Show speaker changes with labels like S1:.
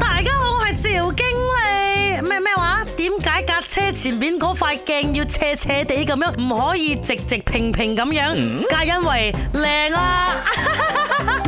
S1: 大家好，我係趙經理。咩咩話？點解架車前面嗰塊鏡要斜斜地咁樣，唔可以直直平平咁樣？皆因為靚啦，啊。